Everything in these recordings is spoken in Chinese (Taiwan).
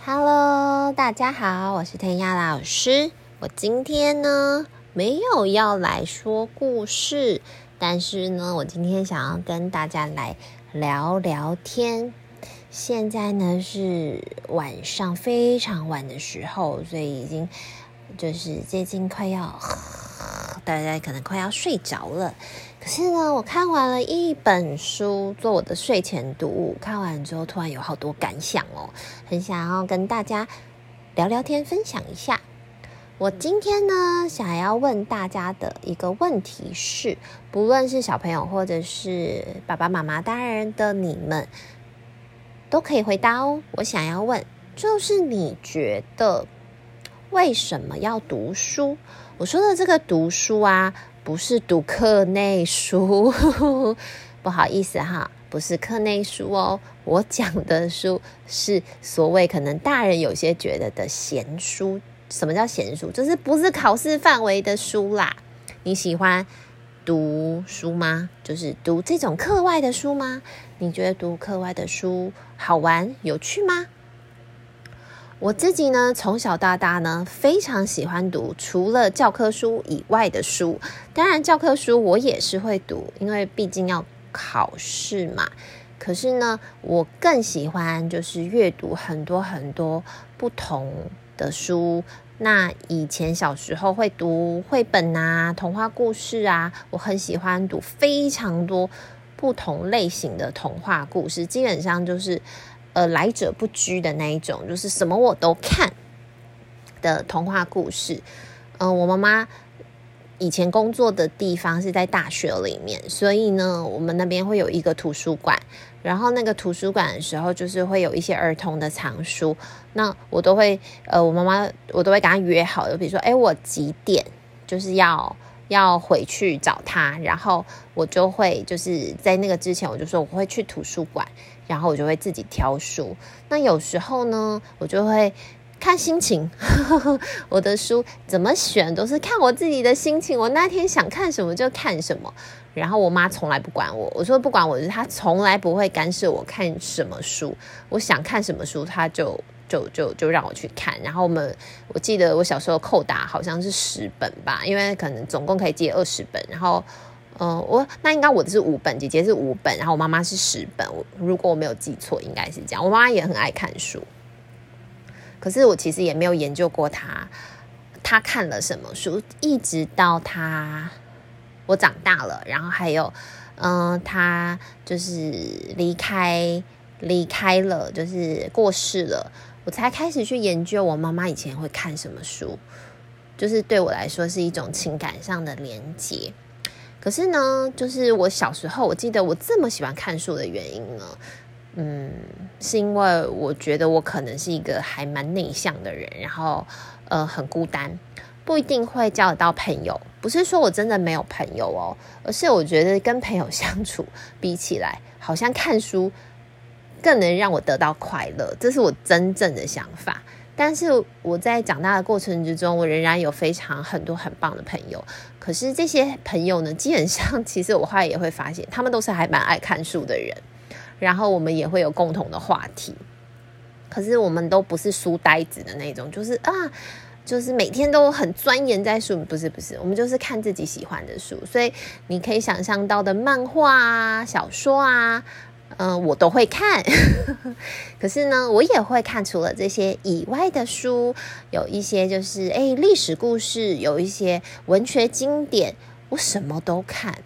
Hello，大家好，我是彈雅老師。我今天呢沒有要來說故事，但是呢，我今天想要跟大家來聊聊天。現在呢是晚上非常晚的時候，所以已經就是接近快要，大家可能快要睡着了。可是呢，我看完了一本書，做我的睡前讀物。看完之後，突然有好多感想哦，很想要跟大家聊聊天，分享一下。我今天呢，想要問大家的一個問題是：不論是小朋友，或者是爸爸媽媽大人的你們，都可以回答哦。我想要問，就是你覺得為什麼要讀書？我說的這個讀書啊，不是讀課內書，呵呵，不好意思哈，不是課內書哦。我講的書是所謂可能大人有些覺得的閒書。什麼叫閒書？就是不是考試範圍的書啦。你喜歡讀書嗎？就是讀這種課外的書嗎？你覺得讀課外的書好玩有趣嗎？我自己呢，從小到大呢，非常喜歡讀除了教科書以外的書。當然，教科書我也是會讀，因為畢竟要考試嘛。可是呢，我更喜歡就是閱讀很多很多不同的書。那以前小時候會讀繪本啊、童話故事啊，我很喜歡讀非常多不同類型的童話故事，基本上就是。呃，來者不拒的那一種，就是什麼我都看的童話故事。嗯、呃，我媽媽以前工作的地方是在大學裡面，所以呢，我們那邊會有一個圖書館。然後那個圖書館的時候，就是會有一些兒童的藏書。那我都會，呃，我媽媽我都會跟她約好，就比如說，誒，我幾點就是要要回去找她，然後我就會就是在那個之前，我就說我會去圖書館。然後我就會自己挑書，那有時候呢，我就會看心情， 我的書怎麼選都是看我自己的心情，我那天想看什麼就看什麼。然後我媽從來不管我，我說不管我，她從來不會干涉我看什麼書，我想看什麼書，她就就就就讓我去看。然後我們，我記得我小時候扣打好像是十本吧，因為可能總共可以借二十本，然後。嗯，我那應該我的是五本，姐姐是五本，然後我媽媽是十本。我如果我沒有記錯，應該是這樣。我媽媽也很愛看書，可是我其實也沒有研究過她，她看了什麼書。一直到她我長大了，然後還有，嗯，她就是離開離開了，就是過世了，我才開始去研究我媽媽以前會看什麼書，就是對我來說是一種情感上的連接。可是呢，就是我小時候，我記得我這麼喜歡看書的原因呢，嗯，是因為我覺得我可能是一個還蠻內向的人，然後呃很孤單，不一定會交得到朋友。不是說我真的沒有朋友哦，而是我覺得跟朋友相處比起來，好像看書更能讓我得到快樂。這是我真正的想法。但是我在長大的過程之中，我仍然有非常很多很棒的朋友。可是這些朋友呢，基本上其實我後來也會發現，他們都是還蠻愛看書的人。然後我們也會有共同的話題。可是我們都不是書呆子的那種，就是啊，就是每天都很鑽研在書，不是不是，我們就是看自己喜歡的書。所以你可以想象到的漫畫啊，小說啊。嗯，我都會看， 可是呢，我也會看除了這些以外的書，有一些就是誒歷史故事，有一些文學經典，我什麼都看。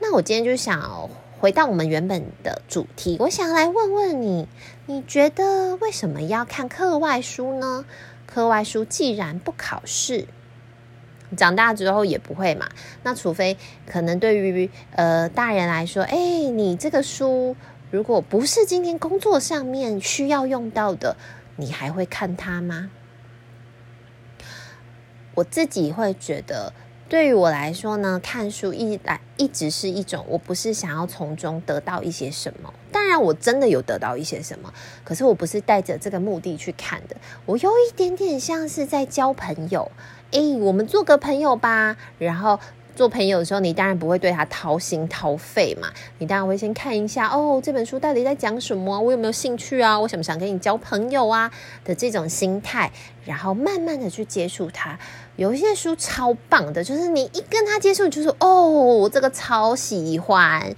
那我今天就想回到我們原本的主題，我想來問問你，你覺得為什麼要看課外書呢？課外書既然不考試，長大之後也不會嘛，那除非可能對於呃大人來說，誒，你這個書。如果不是今天工作上面需要用到的，你還會看它嗎？我自己會覺得，對於我來說呢，看書一來一直是一種，我不是想要從中得到一些什麼。當然，我真的有得到一些什麼，可是我不是帶着這個目的去看的。我有一點點像是在交朋友，誒，我們做個朋友吧，然後。做朋友的時候，你當然不會對他掏心掏肺嘛，你當然會先看一下，哦，這本書到底在講什麼啊？我有沒有興趣啊？我想不想跟你交朋友啊？的這種心態，然後慢慢的去接觸他。有一些書超棒的，就是你一跟他接觸，就是哦，這個超喜歡，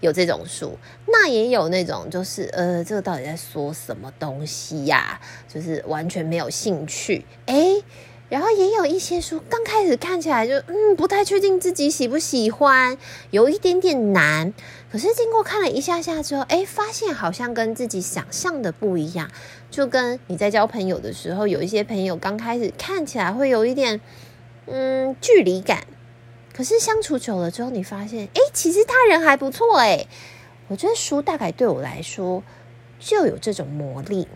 有這種書。那也有那種，就是呃，這個到底在說什麼東西呀？就是完全沒有興趣，欸。然後也有一些書，剛開始看起來就嗯，不太確定自己喜不喜歡，有一點點難。可是經過看了一下下之後，誒，發現好像跟自己想象的不一樣。就跟你在交朋友的時候，有一些朋友剛開始看起來會有一點嗯，距離感，可是相處久了之後，你發現誒，其實他人還不錯誒。我覺得書大概對我來說就有這種魔力，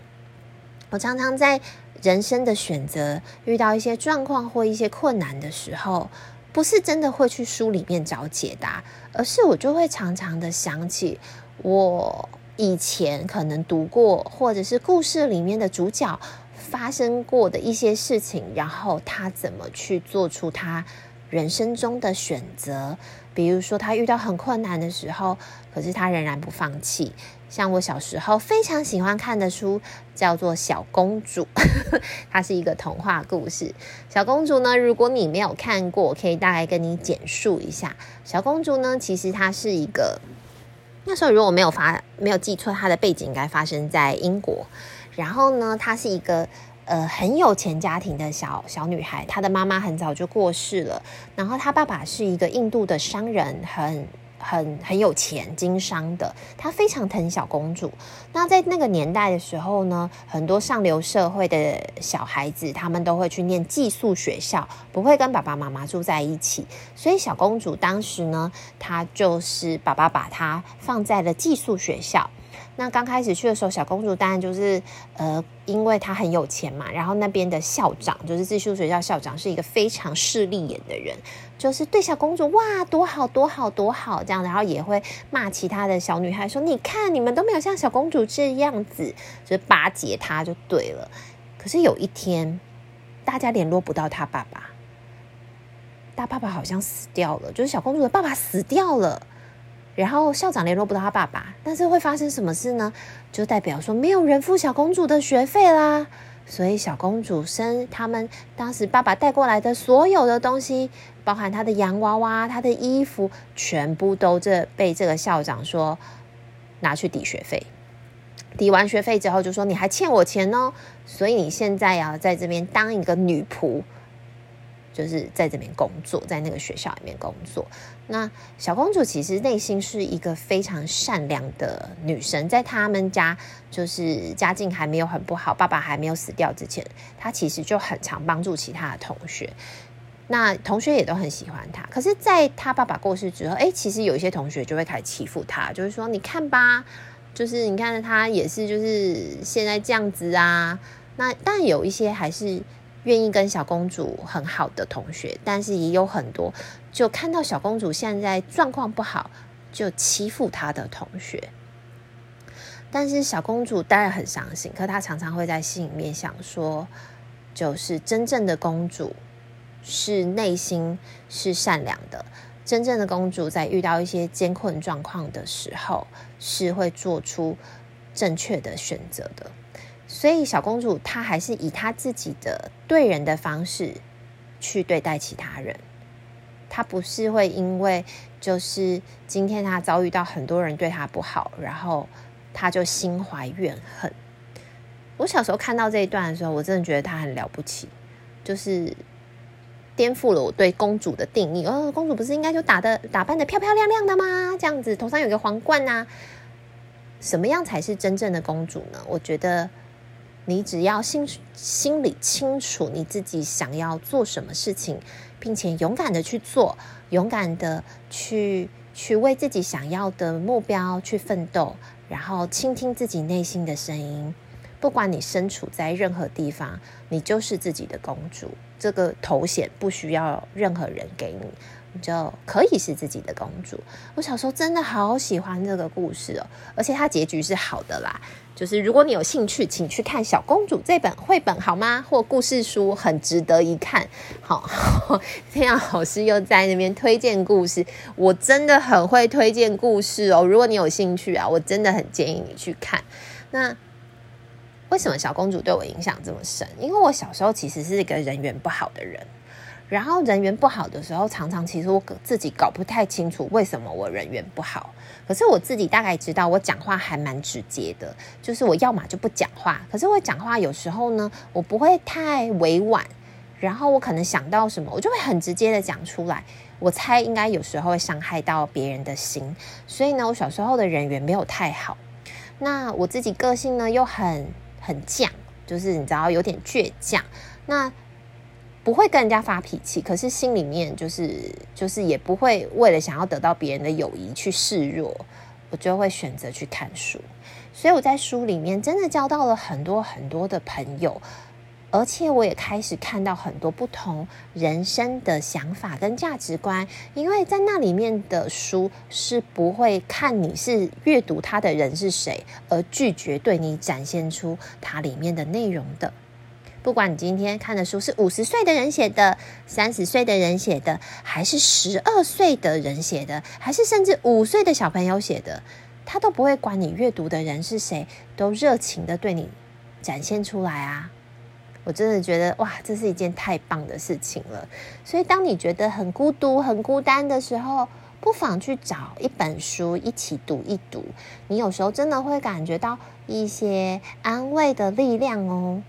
我常常在。人生的選擇，遇到一些狀況或一些困難的時候，不是真的會去書裡面找解答，而是我就會常常的想起我以前可能讀過，或者是故事裡面的主角發生過的一些事情，然後他怎麼去做出他人生中的選擇。比如說，他遇到很困難的時候，可是他仍然不放棄。像我小時候非常喜歡看的書叫做《小公主》，呵呵，它是一個童話故事。小公主呢，如果你沒有看過，我可以大概跟你簡述一下。小公主呢，其實她是一個那時候如果我沒有發沒有記錯，她的背景應該發生在英國。然後呢，她是一個呃很有錢家庭的小小女孩，她的媽媽很早就過世了，然後她爸爸是一個印度的商人，很。很很有錢經商的，他非常疼小公主。那在那個年代的時候呢，很多上流社會的小孩子，他們都會去念寄宿學校，不會跟爸爸媽媽住在一起。所以小公主當時呢，她就是爸爸把她放在了寄宿學校。那剛開始去的時候，小公主當然就是，呃，因為她很有錢嘛。然後那邊的校長就是寄宿學校校長，是一個非常勢利眼的人，就是對小公主哇多好多好多好這樣，然後也會罵其他的小女孩說：“你看你們都沒有像小公主這樣子，就是、巴結她就對了。”可是有一天，大家聯絡不到她爸爸，他爸爸好像死掉了，就是小公主的爸爸死掉了。然後校長聯絡不到他爸爸，但是會發生什麼事呢？就代表說沒有人付小公主的學費啦。所以小公主生他們當時爸爸帶過來的所有的東西，包含她的洋娃娃、她的衣服，全部都這被這個校長說拿去抵學費。抵完學費之後，就說你還欠我錢哦，所以你現在要在這邊當一個女僕。就是在這邊工作，在那個學校裡面工作。那小公主其實內心是一個非常善良的女生，在他們家就是家境還沒有很不好，爸爸還沒有死掉之前，她其實就很常幫助其他的同學。那同學也都很喜歡她。可是，在她爸爸過世之後，哎、欸，其實有一些同學就會開始欺負她，就是說，你看吧，就是你看她也是，就是現在這樣子啊。那但有一些還是。願意跟小公主很好的同學，但是也有很多就看到小公主現在狀況不好就欺負她的同學。但是小公主當然很傷心，可她常常會在心裡面想說，就是真正的公主是內心是善良的，真正的公主在遇到一些艱困狀況的時候是會做出正確的選擇的。所以小公主她還是以她自己的對人的方式去對待其他人，她不是會因為就是今天她遭遇到很多人對她不好，然後她就心懷怨恨。我小時候看到這一段的時候，我真的覺得她很了不起，就是顛覆了我對公主的定義。哦，公主不是應該就打的打扮得漂漂亮亮的嗎？這樣子頭上有個皇冠啊，什麼樣才是真正的公主呢？我覺得。你只要心心裡清楚你自己想要做什麼事情，並且勇敢地去做，勇敢地去去為自己想要的目標去奮鬥，然後傾聽自己內心的聲音。不管你身處在任何地方，你就是自己的公主。這個頭銜不需要任何人給你，你就可以是自己的公主。我小時候真的好喜歡這個故事哦，而且它結局是好的啦。就是如果你有興趣，請去看《小公主》這本繪本好嗎？或故事書很值得一看。好，好，彈雅老師又在那邊推薦故事，我真的很會推薦故事哦。如果你有興趣啊，我真的很建議你去看。那。為什麼小公主對我影響這麼深？因為我小時候其實是一個人緣不好的人，然後人緣不好的時候，常常其實我自己搞不太清楚為什麼我人緣不好。可是我自己大概知道，我講話還蠻直接的，就是我要嘛就不講話，可是我講話有時候呢，我不會太委婉，然後我可能想到什麼，我就會很直接的講出來。我猜應該有時候會傷害到別人的心，所以呢，我小時候的人緣沒有太好。那我自己個性呢，又很。很犟，就是你知道有點倔強，那不會跟人家發脾氣，可是心裡面就是就是也不會為了想要得到別人的友誼去示弱，我就會選擇去看書，所以我在書裡面真的交到了很多很多的朋友。而且我也開始看到很多不同人生的想法跟價值觀，因為在那裡面的書是不會看你是閱讀它的人是誰而拒絕對你展現出它裡面的內容的。不管你今天看的書是五十歲的人寫的、三十歲的人寫的，還是十二歲的人寫的，還是甚至五歲的小朋友寫的，他都不會管你閱讀的人是誰，都熱情的對你展現出來啊。我真的覺得哇，這是一件太棒的事情了。所以，當你覺得很孤獨、很孤單的時候，不妨去找一本書一起讀一讀。你有時候真的會感覺到一些安慰的力量哦。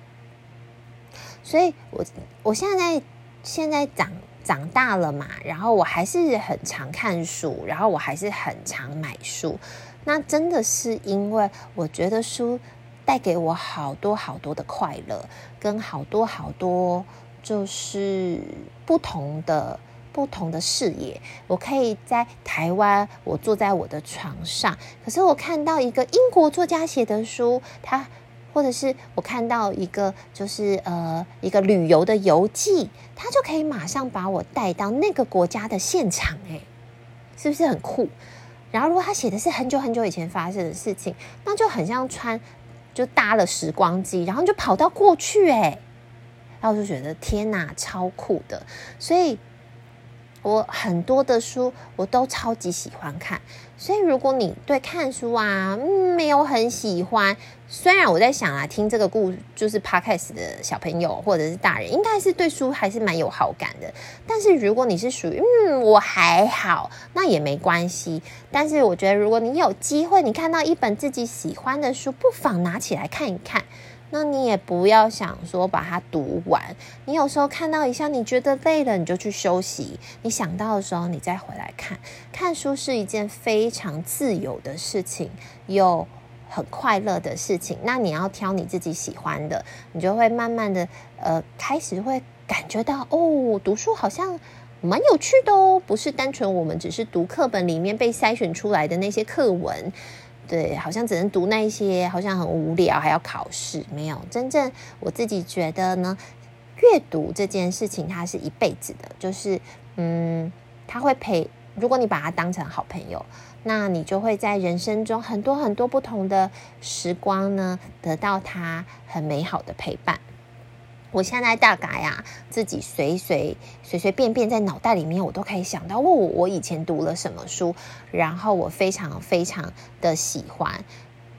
所以我，我我現在現在長長大了嘛，然後我還是很常看書，然後我還是很常買書。那真的是因為我覺得書，帶給我好多好多的快樂，跟好多好多就是不同的不同的視野。我可以在台灣，我坐在我的床上，可是我看到一個英國作家寫的書，他，或者是我看到一個就是呃一個旅遊的遊記，他就可以馬上把我帶到那個國家的現場，欸，誒，是不是很酷？然後如果他寫的是很久很久以前發生的事情，那就很像穿。就搭了時光機，然後就跑到過去，哎，然後就覺得天哪，超酷的，所以。我很多的書我都超級喜歡看，所以如果你對看書啊，嗯，沒有很喜歡，雖然我在想啊，聽這個故就是 podcast 的小朋友或者是大人，應該是對書還是蠻有好感的。但是如果你是屬於嗯，我還好，那也沒關係。但是我覺得如果你有機會，你看到一本自己喜歡的書，不妨拿起來看一看。那你也不要想說把它讀完，你有時候看到一下，你覺得累了，你就去休息。你想到的時候，你再回來看。看書是一件非常自由的事情，又很快樂的事情。那你要挑你自己喜歡的，你就會慢慢的，呃，開始會感覺到哦，讀書好像蠻有趣的哦，不是單純我們只是讀課本裡面被篩選出來的那些課文。對，好像只能讀那些，好像很無聊，還要考試，沒有，真正我自己覺得呢，閱讀這件事情，它是一輩子的，就是嗯，它會陪。如果你把它當成好朋友，那你就會在人生中很多很多不同的時光呢，得到它很美好的陪伴。我現在大概啊，自己隨隨隨隨便便在腦袋裡面，我都可以想到問我，我以前讀了什麼書，然後我非常非常的喜歡。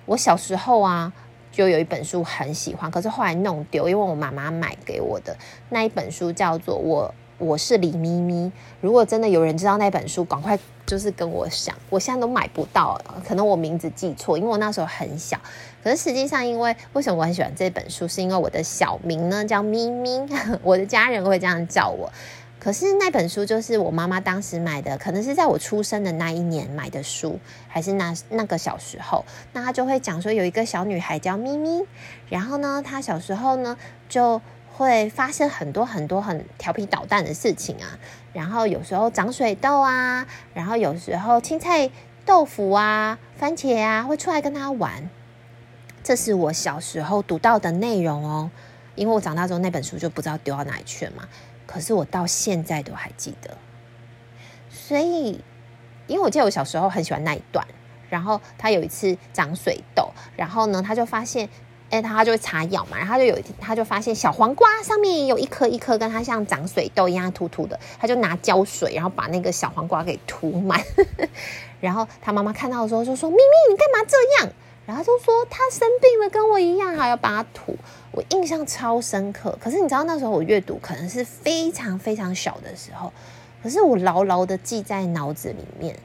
我小時候啊，就有一本書很喜歡，可是後來弄丟，因為我媽媽買給我的那一本書叫做《我我是李咪咪》。如果真的有人知道那本書，趕快就是跟我想，我現在都買不到，可能我名字記錯，因為我那時候很小。可是實際上，因為為什麼我很喜歡這本書，是因為我的小名呢叫咪咪，我的家人會這樣叫我。可是那本書就是我媽媽當時買的，可能是在我出生的那一年買的書，還是那那個小時候，那她就會講說有一個小女孩叫咪咪，然後呢，她小時候呢就會發生很多很多很調皮搗蛋的事情啊，然後有時候長水痘啊，然後有時候青菜、豆腐啊、番茄啊會出來跟她玩。這是我小時候讀到的內容哦，因為我長大之後那本書就不知道丟到哪裡去了嘛。可是我到現在都還記得，所以因為我記得我小時候很喜歡那一段。然後他有一次長水痘，然後呢他就發現，哎、欸、他他就會擦藥嘛。然後他就有一天他就發現小黃瓜上面有一顆一顆，跟他像長水痘一樣凸凸的。他就拿膠水，然後把那個小黃瓜給塗滿。 然後他媽媽看到的時候就說：“咪咪，你幹嘛這樣？”他就說他生病了，跟我一樣，還要把他吐。我印象超深刻。可是你知道那時候我閱讀可能是非常非常小的時候，可是我牢牢地記在腦子裡面，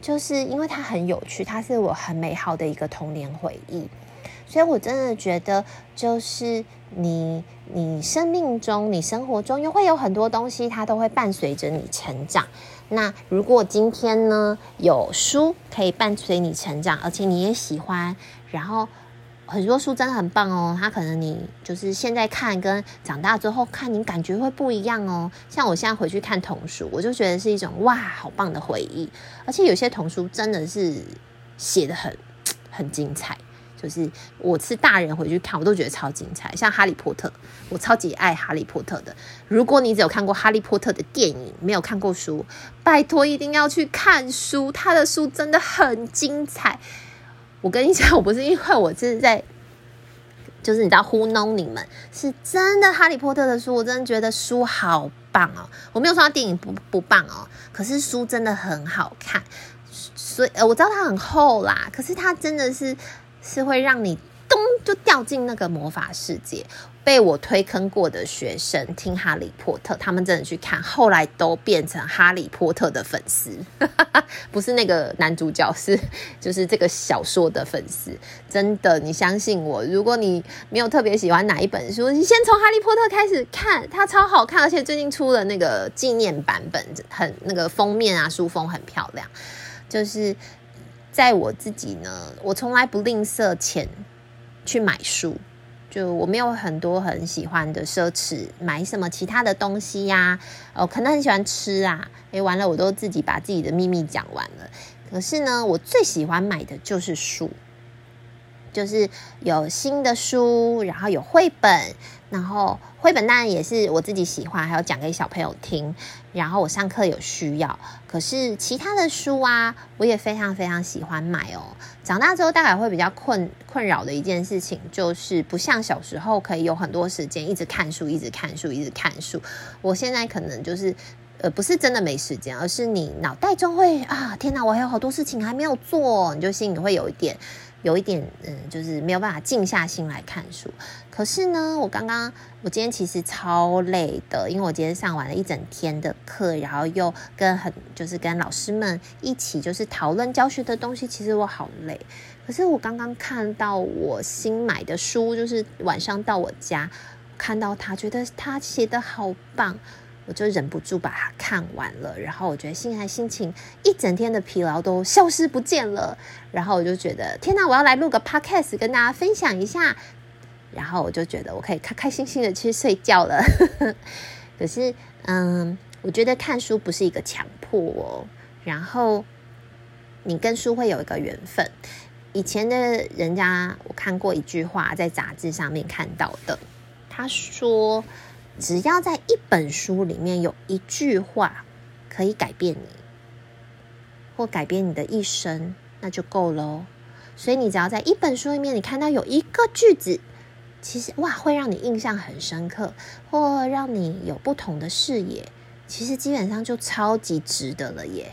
就是因為它很有趣，它是我很美好的一個童年回憶。所以我真的覺得，就是你。你生命中，你生活中又會有很多東西，它都會伴隨着你成長。那如果今天呢，有書可以伴隨你成長，而且你也喜歡，然後很多書真的很棒哦。它可能你就是現在看跟長大之後看，你感覺會不一樣哦。像我現在回去看童書，我就覺得是一種哇，好棒的回憶。而且有些童書真的是寫得很很精彩。就是我吃大人回去看，我都覺得超精彩。像《哈利波特》，我超級愛《哈利波特》的。如果你只有看過《哈利波特》的電影，沒有看過書，拜托一定要去看書。他的書真的很精彩。我跟你講，我不是因為我是在，就是你知道糊弄你們，是真的《哈利波特》的書，我真的覺得書好棒哦。我沒有說他電影不不棒哦，可是書真的很好看。所以我知道它很厚啦，可是它真的是。是會讓你咚就掉進那個魔法世界。被我推坑過的學生聽《哈利波特》，他們真的去看，後來都變成《哈利波特》的粉絲。 不是那個男主角，是就是這個小說的粉絲。真的，你相信我。如果你沒有特別喜歡哪一本書，你先從《哈利波特》開始看，它超好看，而且最近出了那個紀念版本，很那個封面啊，書封很漂亮，就是。在我自己呢，我從來不吝嗇錢去買書，就我沒有很多很喜歡的奢侈買什麼其他的東西呀、啊，哦，可能很喜歡吃啊，誒，完了，我都自己把自己的秘密講完了。可是呢，我最喜歡買的就是書。就是有新的書，然後有繪本，然後繪本當然也是我自己喜歡，還有講給小朋友聽，然後我上課有需要。可是其他的書啊，我也非常非常喜歡買哦。長大之後大概會比較困困擾的一件事情，就是不像小時候可以有很多時間一直看書，一直看書，一直看書。我現在可能就是呃，不是真的沒時間，而是你腦袋中會啊，天哪，我還有好多事情還沒有做，你就心裡會有一點。有一點，嗯，就是沒有辦法靜下心來看書。可是呢，我剛剛，我今天其實超累的，因為我今天上完了一整天的課，然後又跟很就是跟老師們一起就是討論教學的東西，其實我好累。可是我剛剛看到我新買的書，就是晚上到我家，看到他，覺得他寫得好棒。我就忍不住把它看完了，然後我覺得現在心情一整天的疲勞都消失不見了，然後我就覺得天哪，我要來錄個 podcast 跟大家分享一下，然後我就覺得我可以開開心心的去睡覺了。 可是，嗯，我覺得看書不是一個強迫哦，然後你跟書會有一個緣分。以前的人家，我看過一句話，在雜誌上面看到的，他說。只要在一本書裡面有一句話可以改變你，或改變你的一生，那就夠嘍。所以你只要在一本書裡面，你看到有一個句子，其實哇，會讓你印象很深刻，或讓你有不同的視野，其實基本上就超級值得了耶，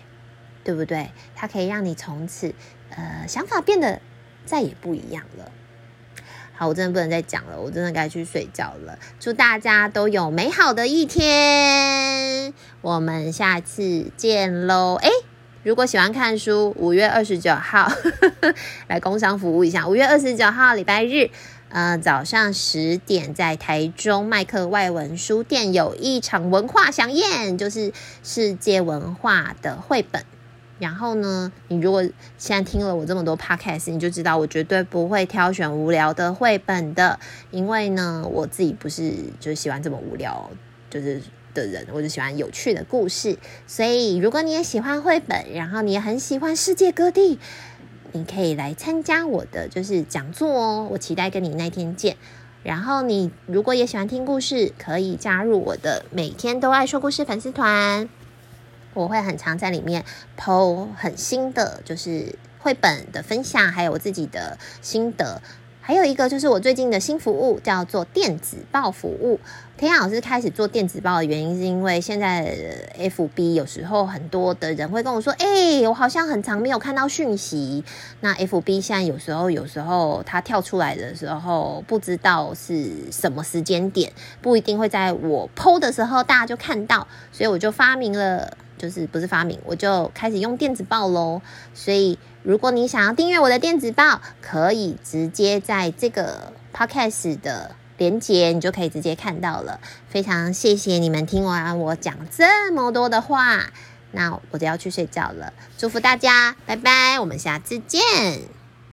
對不對？它可以讓你從此呃想法變得再也不一樣了。我真的不能再講了，我真的該去睡覺了。祝大家都有美好的一天，我們下次見嘍！誒，如果喜歡看書，五月二十九號呵呵來工商服務一下。五月二十九號禮拜日，呃，早上十點在台中麥克外文書店有一場文化饗宴，就是世界文化的繪本。然後呢，你如果現在聽了我這麼多 podcast，你就知道我絕對不會挑選無聊的繪本的，因為呢，我自己不是就是喜歡這麼無聊就是的人，我就喜歡有趣的故事。所以如果你也喜歡繪本，然後你也很喜歡世界各地，你可以來參加我的就是講座哦，我期待跟你那天見。然後你如果也喜歡聽故事，可以加入我的每天都愛說故事粉絲團。我會很常在裡面 po 很新的，就是繪本的分享，還有我自己的心得。還有一個就是我最近的新服務叫做電子報服務。彈雅老師開始做電子報的原因是因為現在 FB 有時候很多的人會跟我說：“哎、欸，我好像很常沒有看到訊息。”那 FB 現在有時候有時候它跳出來的時候，不知道是什麼時間點，不一定會在我 po 的時候大家就看到，所以我就發明了。就是不是發明，我就開始用電子報嘍。所以，如果你想要訂閱我的電子報，可以直接在這個 Podcast 的鏈接，你就可以直接看到了。非常謝謝你們聽完我講這麼多的話，那我就要去睡覺了。祝福大家，拜拜，我們下次見。